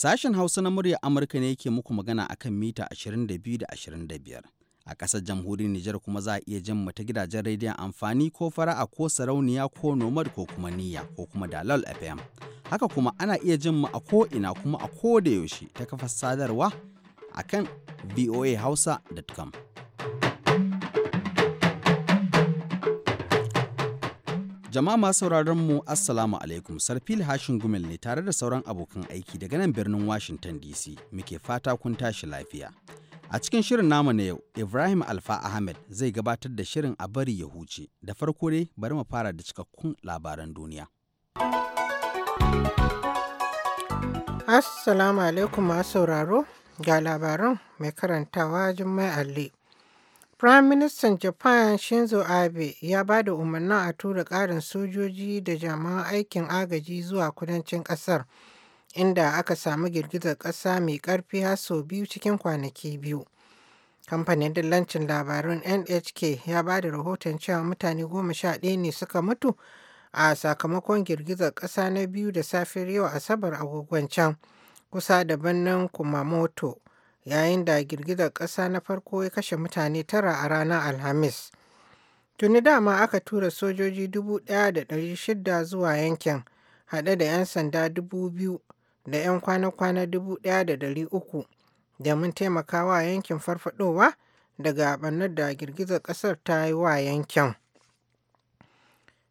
Sashen Hausa na muryar Amurka ne yake muku magana akan mita 22 da 25. A ƙasar jamhuriyar Nijar kuma za a iya jin mu ta gidajen rediyon amfani ko fara'a ko sarauniya ko nomad ko kuma niyya ko kuma dalal FM. Haka kuma ana iya jin mu a ko'ina kuma a ko da yaushe ta kafar sadarwa kan voahausa.com. Jama'a masu sauraron mu Assalamu alaikum Sarfil Hashin Gumel ne tare da sauran abokan aiki daga nan birnin Washington DC muke fata kun tashi lafiya. A cikin shirin namu na yau, Ibrahim Alfa Ahmed zai gabatar da shirin a bari ya huce. Da farko dai bari mu fara da cikakkun labaran duniya. Assalamu alaikum masu sauraro ga labaran mai karantawa Jummai Alli. Firaministan Japan Shinzo Abe ya ba da umarnin a tura ƙarin sojoji da jami'an aikin agaji zuwa kudancin ƙasar, inda aka samu girgizar ƙasa mai ƙarfi har sau biyu cikin kwanaki biyu. Kamfanin dillancin labarun NHK ya ba da rahoton cewa mutane goma sha ɗaya ne suka mutu a sakamakon girgizar ƙasa na biyu da safiyar yau Asabar agogon can, kusa da birnin Kumamoto. yayin da girgizar ƙasa na farko ya kashe mutane tara a ranar Alhamis. Tuni dama aka tura sojoji 1,600 zuwa yankin, haɗe da 'yan sanda 2,000 da 'yan kwana-kwana 1,300 domin taimakawa yankin farfadowa daga ɓannar da girgizar ƙasar ta yi wa yankin.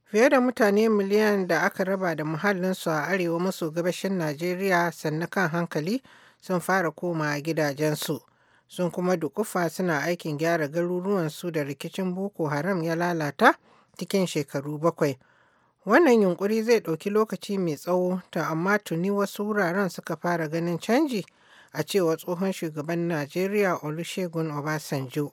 Fiye da mutane miliyan da aka raba da muhallinsu a arewa maso gabashin Najeriya sannu kan hankali sun fara koma gidajensu sun kuma dukufa suna aikin gyara garuruwansu da rikicin boko haram ya lalata cikin shekaru bakwai wannan yunkuri zai ɗauki lokaci mai tsawo ta amma tuni wasu wuraren suka fara ganin canji a cewa tsohon shugaban najeriya olusegun obasanjo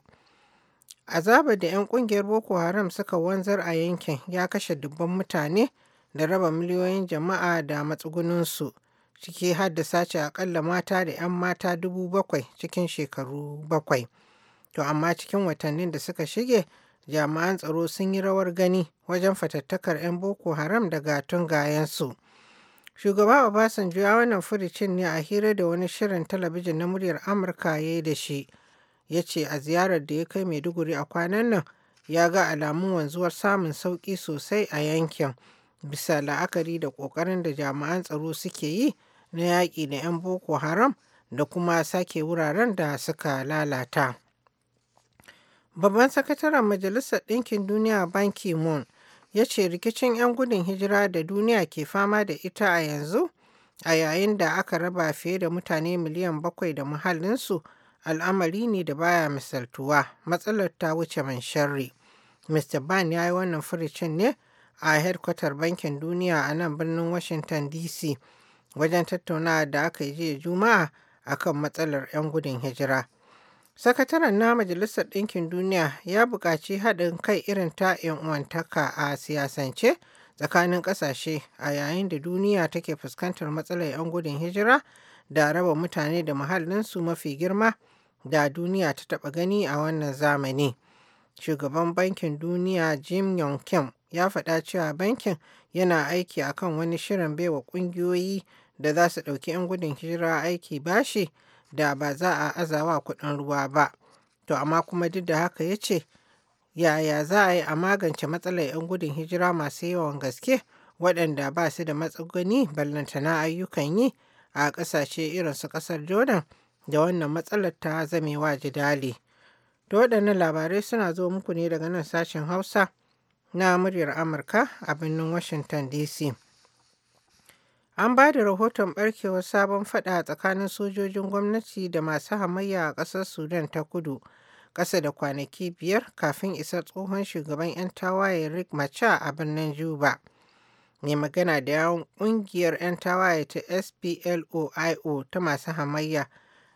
azaba da 'yan kungiyar boko haram suka wanzar a yankin ya kashe dubban mutane da raba miliyoyin jama'a da matsugunansu ciki har da sace akalla mata da 'yan mata dubu bakwai cikin shekaru bakwai. To amma cikin watannin da suka shige jami'an tsaro sun yi rawar gani wajen fatattakar 'yan boko haram daga tungayensu. Shugaba Obasanjo ya wannan furicin ne a hira da wani shirin talabijin na muryar Amurka ya yi da shi. Ya ce a ziyarar da ya kai Maiduguri a kwanan nan ya ga alamun wanzuwar samun sauƙi sosai a yankin. bisa la'akari da ƙoƙarin da jami'an tsaro suke yi na yaƙi da 'yan boko haram da kuma sake wuraren da suka lalata babban sakataren majalisar ɗinkin duniya ban moon ya ce rikicin 'yan gudun hijira da duniya ke fama da ita a yanzu a yayin da aka raba fiye da mutane miliyan bakwai da muhallinsu al'amari ne da baya misaltuwa matsalar ta wuce man sharri mr ban ya yi wannan furicin ne a hedkwatar bankin duniya a nan birnin washington dc wajen tattaunawa da aka yi jiya juma'a akan matsalar 'yan gudun hijira sakataren na majalisar ɗinkin duniya ya buƙaci haɗin kai irin ta 'yan uwantaka a siyasance tsakanin ƙasashe a yayin da duniya take fuskantar matsalar 'yan gudun hijira da raba mutane da muhallinsu mafi girma da duniya ta taɓa gani a wannan zamani shugaban bankin duniya jim yong kim ya faɗa cewa bankin yana aiki a kan wani shirin baiwa ƙungiyoyi da za su ɗauki 'yan gudun hijira aiki bashi da ba za a azawa kuɗin ruwa ba. To amma kuma duk da haka ya ce, yaya za a yi a magance matsalar 'yan gudun hijira masu yawan gaske waɗanda ba su da matsuguni ballantana ayyukan yi a ƙasashe irin su ƙasar Jordan da wannan matsalar ta zamewa jidali. To waɗannan labarai suna zo muku ne daga nan sashen Hausa. na muryar Amurka a birnin Washington DC. An ba da rahoton barkewar sabon fada tsakanin sojojin gwamnati da masu hamayya a ƙasar Sudan ta kudu ƙasa da kwanaki biyar kafin isa tsohon shugaban 'yan tawaye Rick Macha a birnin Juba. Mai magana da yawon ƙungiyar 'yan tawaye ta SPLOIO ta masu hamayya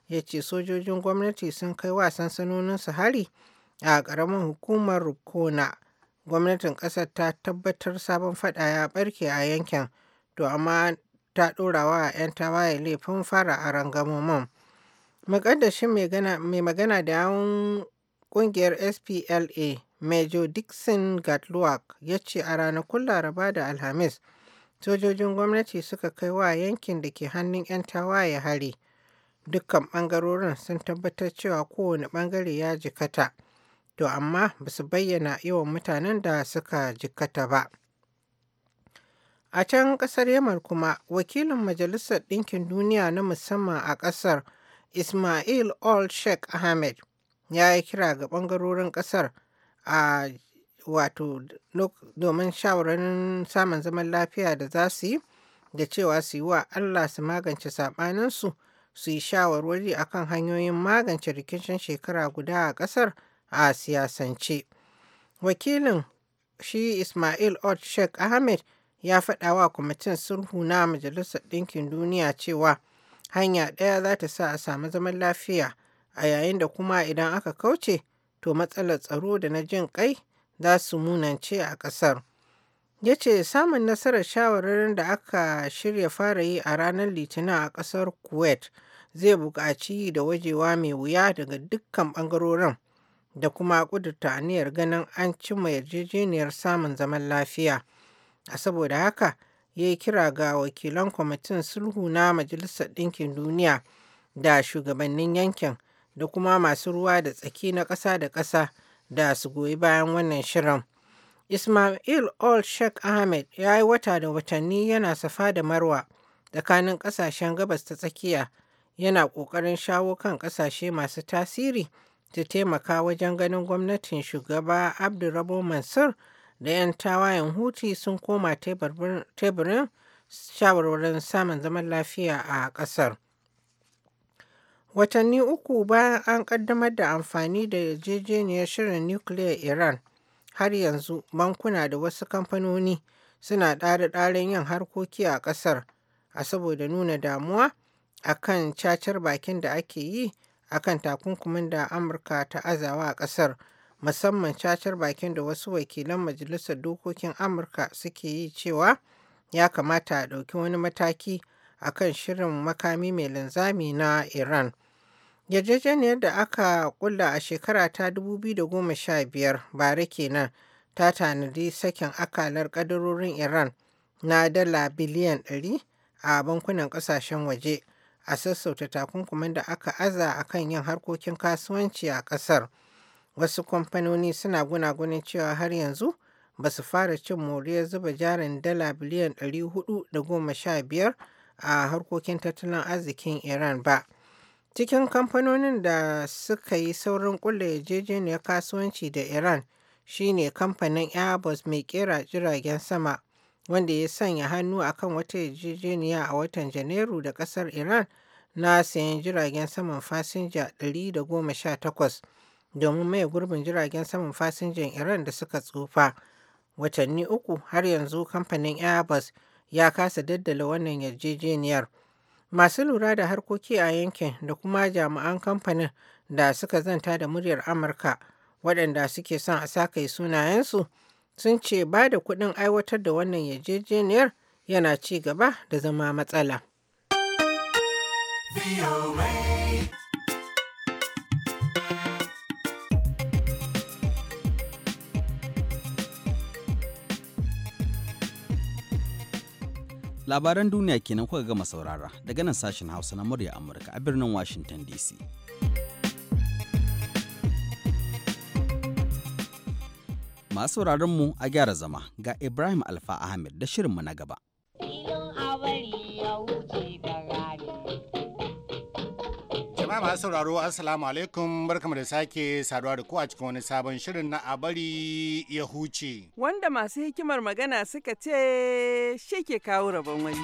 ya ce sojojin gwamnati sun kai wa sansanoninsu hari a ƙaramin hukumar Rukona. gwamnatin ƙasar ta tabbatar sabon faɗa ya barke a yankin to amma ta ɗora wa 'yan tawaye laifin fara a rangamomin. Muƙaddashin mai magana da yawun ƙungiyar SPLA Major Dixon Gatluwak ya ce a ranakun Laraba da Alhamis sojojin gwamnati suka kai wa yankin da ke hannun 'yan tawaye hari. Dukkan ɓangarorin sun tabbatar cewa kowane ɓangare ya jikata. to amma ba su bayyana yawan mutanen da suka jikkata ba. A can ƙasar Yamar kuma, wakilin Majalisar Ɗinkin Duniya na musamman a ƙasar Ismail Ol Sheikh Ahmed ya yi kira ga ɓangarorin ƙasar a wato domin samun zaman lafiya da za su yi da cewa su yi wa Allah su magance saɓaninsu su yi shawarwari akan hanyoyin magance rikicin shekara guda a ƙasar a siyasance. Wakilin shi Ismail Ot Sheikh Ahmed ya faɗa wa kwamitin sulhu na Majalisar Ɗinkin Duniya cewa hanya ɗaya za ta sa a samu zaman lafiya a yayin da kuma idan aka kauce to matsalar tsaro da na jin ƙai za su munance a ƙasar. Ya ce samun nasarar shawararin da aka shirya fara yi a ranar Litinin a ƙasar Kuwait zai buƙaci da wajewa mai wuya daga dukkan ɓangarorin da kuma kudurta aniyar ganin an cimma yarjejeniyar samun zaman lafiya. A saboda haka, ya yi kira ga wakilan kwamitin sulhu na Majalisar Ɗinkin Duniya da shugabannin yankin da kuma masu ruwa da tsaki na ƙasa da ƙasa da su goyi bayan wannan shirin. Ismail Ol Sheikh Ahmed ya yi wata da watanni yana safa da marwa tsakanin ƙasashen gabas ta tsakiya yana ƙoƙarin shawo kan ƙasashe masu tasiri ta taimaka wajen ganin gwamnatin shugaba abdurrabo mansur da 'yan tawayen huti sun koma teburin shawarwarin samun zaman lafiya a ƙasar watanni uku bayan an ƙaddamar da amfani da yarjejeniyar shirin nukiliyar iran har yanzu bankuna da wasu kamfanoni suna ɗare-ɗaren yin harkoki a ƙasar a saboda nuna damuwa akan cacar bakin da ake yi akan takunkumin da Amurka ta azawa a ƙasar musamman cacar bakin da wasu wakilan Majalisar Dokokin Amurka suke yi cewa ya kamata a ɗauki wani mataki akan shirin makami mai linzami na Iran. Yarjejeniyar da aka kulla a shekara ta 2015 bare kenan ta tanadi sakin akalar kadarorin Iran na dala biliyan 100 a bankunan kasashen waje a sassauta takunkumin da aka aza a kan yin harkokin kasuwanci a ƙasar. Wasu kamfanoni suna gunagunin cewa har yanzu ba su fara cin moriyar zuba jarin dala biliyan 415 a harkokin tattalin arzikin Iran ba. Cikin kamfanonin da suka yi saurin kulle yarjejeniyar kasuwanci da Iran shine kamfanin Airbus mai kera jiragen sama. wanda ya sanya hannu a kan wata yarjejeniya a watan Janairu da kasar Iran na sayan jiragen saman fasinja 118 domin mai gurbin jiragen saman fasinjan Iran da suka tsufa. Watanni uku har yanzu kamfanin Airbus ya kasa daddala wannan yarjejeniyar. Masu lura da harkoki a yankin da kuma jami'an kamfanin da suka zanta da muryar Amurka waɗanda suke son a sakai sunayensu. sun ce ba da kuɗin aiwatar da wannan yarjejeniyar yana ci gaba da zama matsala. Labaran duniya kenan kuka gama saurara daga nan sashen Hausa na murya Amurka a birnin Washington DC. Masu mu a gyara zama ga Ibrahim Alfa Ahmed da shirinmu na gaba. Jama'a masu sauraro Assalamu alaikum barkamu da sake saduwa da ku a cikin wani sabon shirin na abari ya huce. Wanda masu hikimar magana suka ce shi ke kawo rabon wani.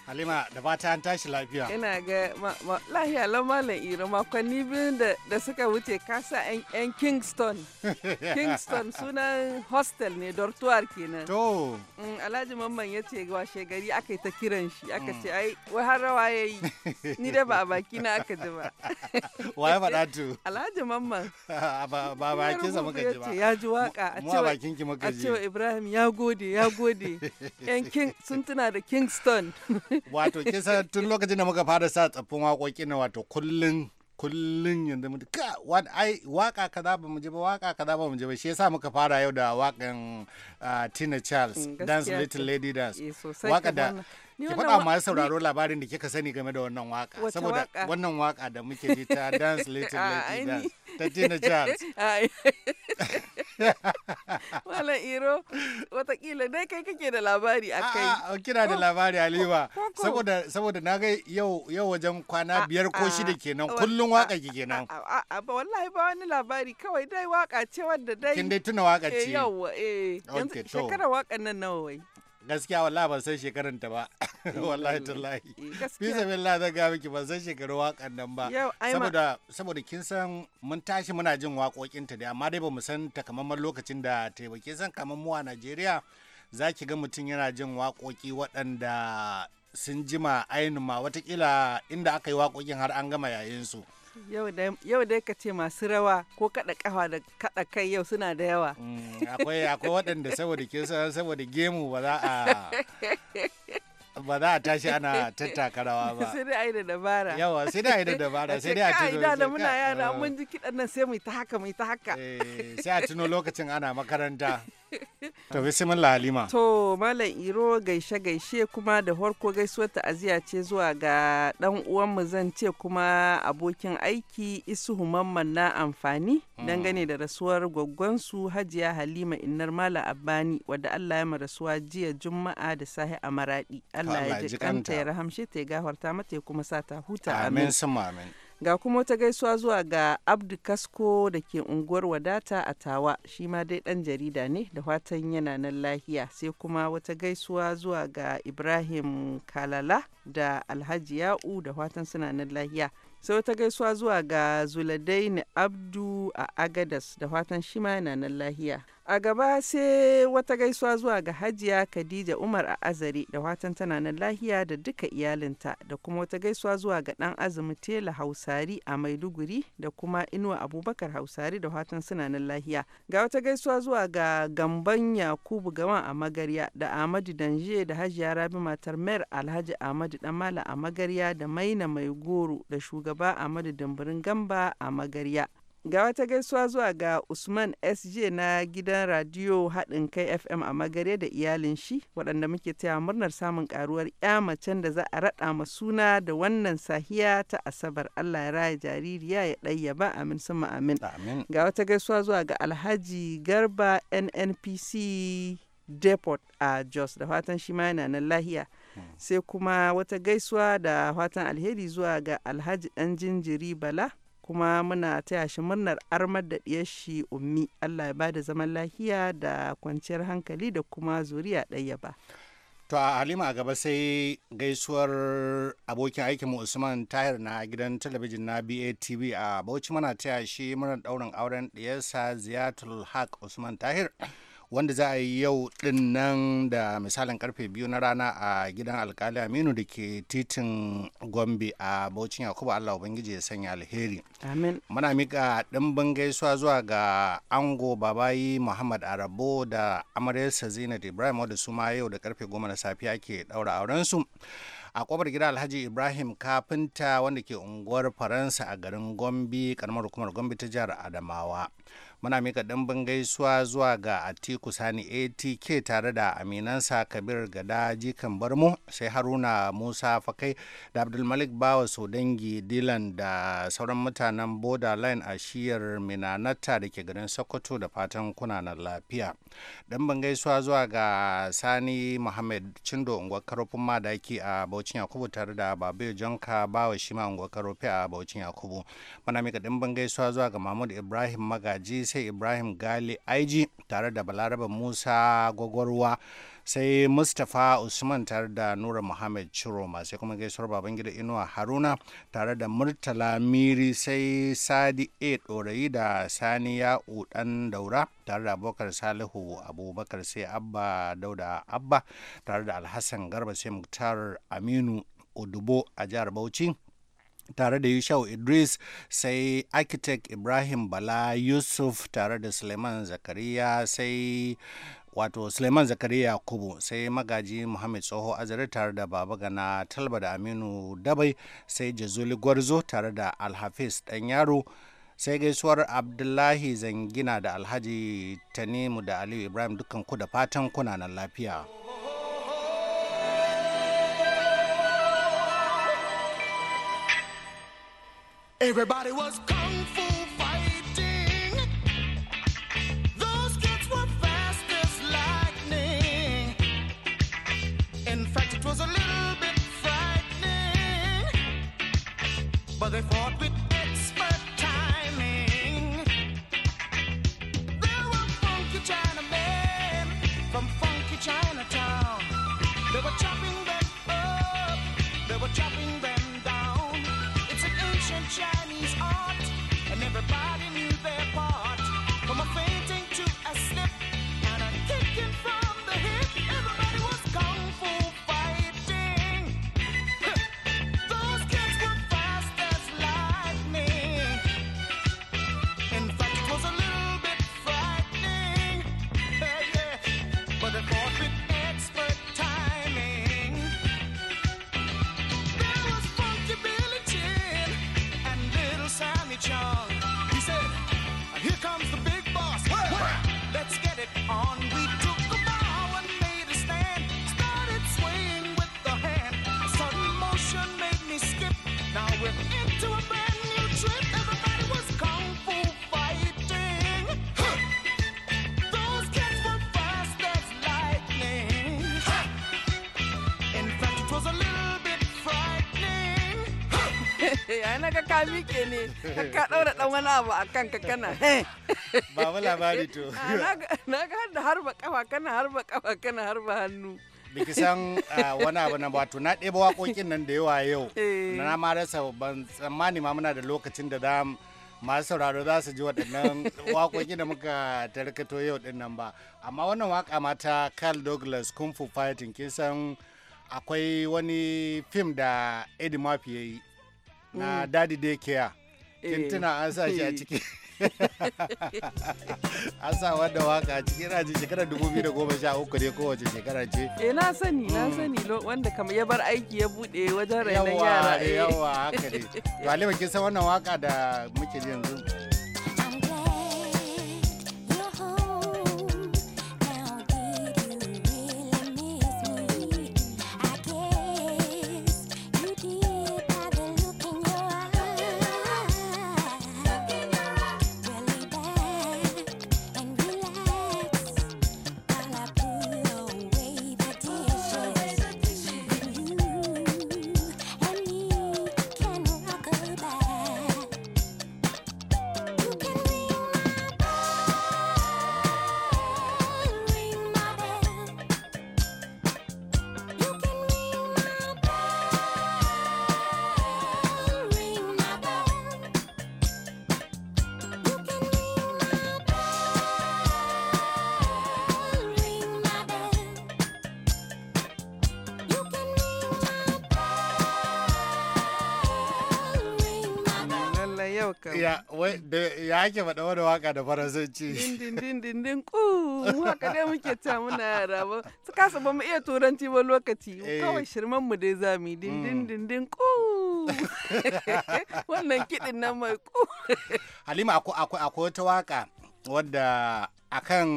halima da ta an tashi lafiya ina ga lahiya lamalin iri makonni biyun da suka wuce kasa yan kingston kingston sunan hostel ne dortuwar kenan to mm, alhaji mamman ya ce washe gari aka yi ta kiran shi aka mm. ce ai wai har rawa ya yi ni da ba a baki na aka ji ba ya faɗa tu alhaji mamman ba bakin sa muka ji ba ya ji waka a cewa a cewa ibrahim ya gode ya gode yan sun tuna da kingston wato kisa tun lokacin da muka fara sa tsaffin waƙoƙi na wato kullun kullun yanzu mutu ka waka kaza ba mu ji ba waka kaza ba mu ji ba shi yasa muka fara yau da wakan ah, Tina Charles mm, Dance Little Lady Dance eh, waka da ki faɗa ma sauraro labarin da kika sani game da wannan waka saboda wannan waka da muke ji ta dance little ah, lady dance ta Tina Charles wala iro watakila dai kai kake da labari a kai kina da labari aliwa saboda saboda na ga yau yau wajen kwana biyar ko shida kenan kullun waka ki kenan a ba wallahi ba wani labari kawai dai waka ce wadda dai kin dai tuna waka eh, ce yawa eh yanzu shekara wakan nan nawa wai gaskiya wallahi ban san shekarun ta ba eh, wallahi eh, tallahi eh, fi sabilla zan ga miki ban san shekarun wakan nan ba saboda saboda kin san mun tashi muna jin waƙoƙin ta dai amma dai bamu san ta takamaiman lokacin da ta ba kin san kamar mu a Najeriya zaki ga mutum yana jin waƙoƙi waɗanda sun jima ainihin ma watakila inda aka yi waƙoƙin har an gama yayin su. Yau dai ka ce masu rawa ko kaɗa ƙafa da kada kai yau suna da yawa. Mm, akwai waɗanda saboda ke saboda gemu ba za a ba za a tashi ana tattaka rawa ba. Sai dai a yi da dabara. Yawa sai dai a yi da dabara sai dai a tuno. Ka da muna yara eh. mun ji kiɗan nan sai mu ta haka mu ta haka. Eh, sai a tuno lokacin ana makaranta. to sai malla halima to malam iro gaishe gaishe kuma da horko gaisuwar ta'aziyya ce zuwa ga dan uwanmu zan ce kuma abokin aiki isuhu humamman na amfani mm. dangane da rasuwar gwaggonsu hajiya halima innar malam abbani wadda allah ya rasuwa jiya juma'a da sahi a maradi allah ya ji kanta ya rahamshe ta ya gawarta mata ya kuma sa ta huta amin amin Ga kuma wata gaisuwa zuwa ga Abdu Kasko da ke unguwar wadata a Tawa, shi ma dai dan jarida ne da watan yana nan lahiya. Sai kuma wata gaisuwa zuwa ga Ibrahim Kalala da Alhaji Ya'u da watan suna nan lahiya. Sai wata gaisuwa zuwa ga Zuladaini Abdu a Agadas da watan shi ma yana nan lahiya. A gaba sai wata gaisuwa zuwa ga Hajiya Khadija Umar a Azare da watan tana nan lahiya da duka iyalinta da kuma wata gaisuwa zuwa ga ɗan azumi Tela Hausari a Maiduguri da kuma Inuwa Abubakar Hausari da watan suna nan lahiya. Ga wata gaisuwa zuwa ga Gamban Yakubu Gawan a Magarya da Ahmadu Danje da Hajiya Rabi matar Mayor Alhaji Ahmadu Damala a Magarya da Maina Mai Goro da shugaba Ahmadu Dambarin Gamba a Magarya. Ga wata gaisuwa zuwa ga Usman SJ na gidan radiyo haɗin kai FM a magare da iyalin shi waɗanda muke taya murnar samun karuwar ya macen da za a raɗa ma suna da wannan sahiya ta Asabar Allah ya raya jaririya ya ɗaya ba amin sama amin. Ga wata gaisuwa zuwa ga Alhaji Garba NNPC Depot a Jos da fatan shi ma yana nan lahiya. Hmm. Sai kuma wata gaisuwa da fatan alheri zuwa ga Alhaji ɗan jinjiri Bala. kuma muna taya shi murnar armar da ɗiyar shi ummi Allah ya bada zaman lafiya da kwanciyar hankali da kuma zuriya ɗaya ba. To a Halima a gaba sai gaisuwar abokin aikin mu Usman Tahir na gidan talabijin na BATV a Bauchi mana taya shi murnar ɗaurin auren ɗiyarsa Ziyatul Haq Usman Tahir. wanda za a yi yau din nan da misalin karfe biyu na rana a gidan alkali aminu da ke titin gombe a baucin yakubu allah ubangiji ya sanya alheri mana muna mika dimbin gaisuwa zuwa ga ango babayi muhammad arabo da amaryarsa zainab ibrahim wadda su ma yau da karfe goma na safiya ke daura aurensu a kwabar gida alhaji ibrahim kafinta wanda ke unguwar faransa a garin gombe karamar hukumar gombe ta jihar adamawa muna mika ɗan gaisuwa zuwa ga atiku sani atk tare da aminansa kabir gada jikan barmo sai haruna musa fakai da abdulmalik bawa Dangi dilan da sauran mutanen borderline a shiyar minanata da ke garin sokoto da fatan kunanan lafiya ɗan gaisuwa zuwa ga sani muhammad cindo unguwar karofin madaki a baucin yakubu tare da babu jonka bawa shima unguwar karofi a baucin yakubu muna mika ɗan gaisuwa zuwa ga mahmud ibrahim magaji sai ibrahim gali aiji tare da balaraba musa gwagwarwa sai mustapha usman tare da nura muhammad chiroma sai kuma gaisuwar babangida inuwa haruna tare da murtala miri sai sadi a ɗorayi da Sani ya udan daura tare da abubakar salihu abubakar sai abba dauda abba tare da alhassan garba sai muktar aminu odubo a jihar bauchi tare da yushau idris sai architect ibrahim bala yusuf tare da suleiman zakariya sai wato suleiman zakariya kubu sai magaji muhammad tsoho azare tare da baba gana talba da aminu dabai sai jazuli gwarzo tare da alhafiz dan yaro sai gaisuwar abdullahi zangina da alhaji tanimu da aliyu ibrahim dukkan ku da fatan kuna nan lafiya Everybody was kung fu ya na ga ka miƙe ne ka ɗaura ɗan wani abu a kan ka kana ba mu labari to ah, na ga da harba kafa kana harba kafa kana harba hannu biki san ah, wani abu na wato na ɗeba waƙoƙin nan da yawa yau eh. na ma rasa ban tsammani ma muna da lokacin da za masu sauraro za su ji waɗannan waƙoƙi da muka tarkato yau ɗin nan ba amma wannan waƙa mata Carl Douglas Kung Fu Fighting kin san akwai wani fim da Eddie Murphy ya yi na mm. daddy da care kintuna eh. an sa shi a ciki an sa wadda waka a ciki rajin shekarar 2013 ne kowace shekara ce eh na sani na mm. sani wanda kamar ya bar aiki ya bude wajen rainon yara yawa eh, eh. yawa haka ne to alima kin san wannan waka da muke yanzu ya ke faɗa wani waka da faransanci din din din din ku haka dai muke ta muna yara ba su kasa ba mu iya turanci ba lokaci eh. kawai shirman mu dai zami din din mm. din din ku wannan kiɗin nan mai ku halima akwai wata waka wadda akan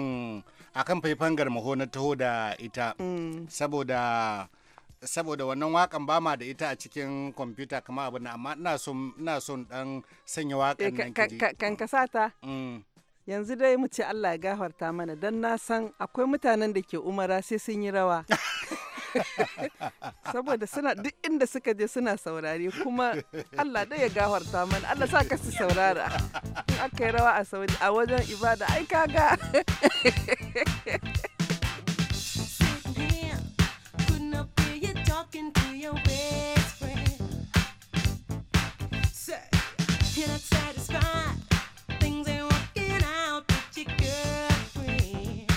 akan faifan garmaho na taho da ita mm. saboda mm. saboda wannan wakan ba ma da ita a cikin kwamfuta kama abu na amma ina son ina sanya wakan eh, nan kan kasa ta. Mm. yanzu dai mu ce Allah ya gafarta mana dan na san akwai mutanen da ke umara sai sun yi rawa saboda suna duk inda suka je suna saurari, kuma Allah dai ya gafarta mana Allah sa ka su saurara in aka yi rawa a wajen ibada ai ga. talking to your best friend. Say, you're not satisfied. Things ain't working out with your girlfriend.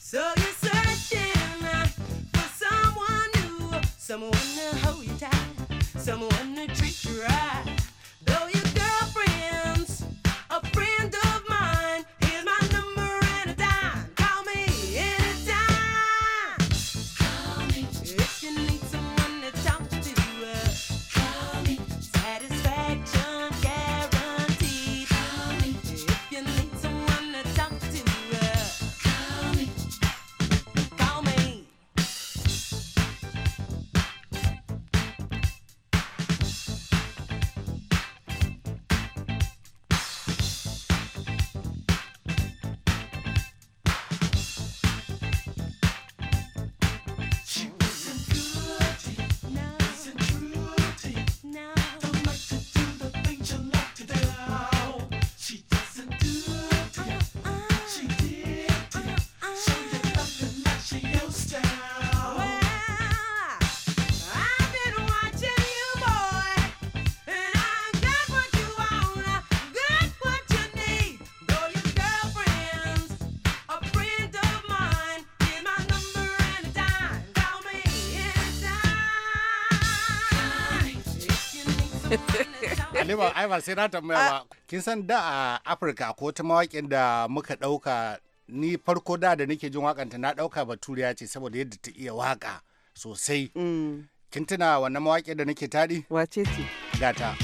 So you're searching uh, for someone new, someone to hold you tight, someone to treat you right. ne ba ai sai na tambaya ba kin san da a Afirka ko ta mawakin da muka dauka ni farko da da nake jin wakanta na dauka baturiya ce saboda yadda ta iya waka sosai mm. kin tuna wannan mawakin da nake tadi wace ce gata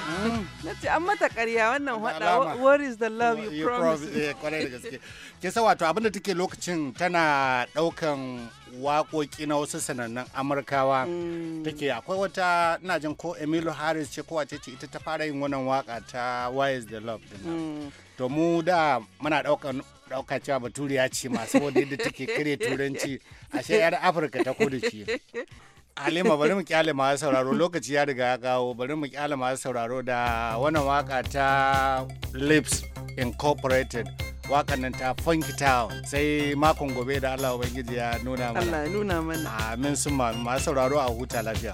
kenan mm. na ce an mata karya wannan hada what is the love you eh kwarai da gaske ke sa wato abinda take lokacin tana daukan wakoki na wasu sanannun amurkawa mm. take akwai wata ina jin ko emilu harris ce ko wace ce ita ta fara yin wannan waka ta why is the love din mm. to mu da muna daukan dauka cewa baturiya ce masu wadda yadda take kare turanci ashe yar afirka ta kudu ce Halima bari mu kyale masu sauraro lokaci ya riga ya kawo bari mu kyale masu sauraro da wannan waka ta Lips Incorporated wakan nan ta Funky Town sai makon gobe da Allah Ubangiji ya nuna mana. Allah ya nuna mana. Amin sun masu sauraro a huta lafiya.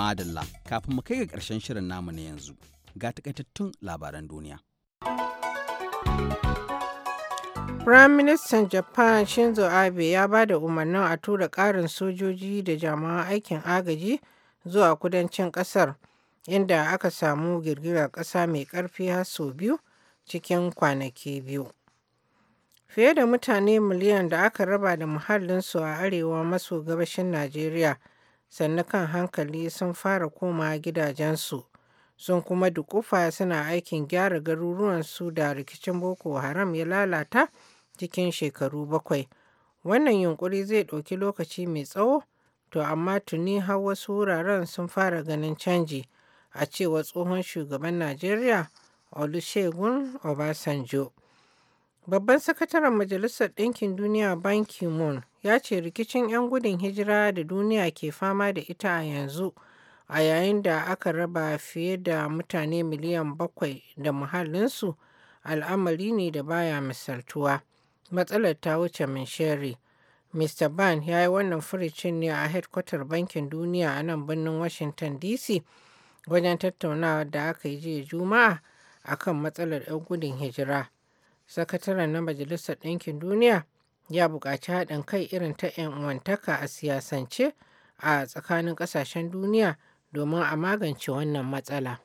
Madalla, kafin mu kai ga ƙarshen shirin namu na yanzu, ga takaitattun labaran duniya. Prime Minister Japan Shinzo Abe ya ba da umarnin a tura ƙarin sojoji da jami'an aikin agaji zuwa kudancin ƙasar, inda aka samu girgirar ƙasa mai ƙarfi har sau biyu cikin kwanaki biyu. Fiye da mutane miliyan da aka raba da muhallinsu a arewa maso gabashin Najeriya sannu kan hankali sun fara koma gidajensu sun kuma dukufa suna aikin gyara garuruwansu da rikicin boko haram ya lalata cikin shekaru bakwai wannan yunkuri zai ɗauki lokaci mai tsawo to amma tuni har wasu wuraren sun fara ganin canji a cewa tsohon shugaban najeriya olusegun obasanjo Babban sakataren Majalisar Ɗinkin Duniya Ban Ki-moon ya ce rikicin 'yan gudun hijira da duniya ke fama da ita a yanzu a yayin da aka raba fiye da mutane miliyan bakwai da muhallinsu al'amari ne da baya misaltuwa. Matsalar ta wuce min shari. Mr. Ban ya yi wannan furicin ne a hedkwatar Bankin Duniya a nan birnin Washington DC wajen tattaunawa da aka yi jiya Juma'a akan matsalar 'yan gudun hijira. sakataren na majalisar ɗinkin duniya ya buƙaci haɗin kai irin ta 'yan wantaka a siyasance a tsakanin ƙasashen duniya domin a magance wannan matsala.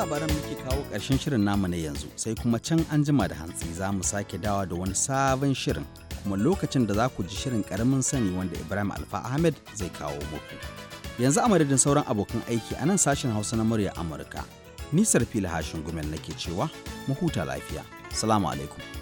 labaran muke kawo ƙarshen shirin namu na yanzu sai kuma can an jima da hantsi za mu sake dawa da wani sabon shirin kuma lokacin da za ku ji shirin karamin sani wanda Ibrahim Alfa Ahmed zai kawo muku. Yanzu a madadin sauran abokan aiki a nan sashen Hausa na murya Amurka. Nisar fili hashin gumel nake cewa mu huta lafiya. Salamu alaikum.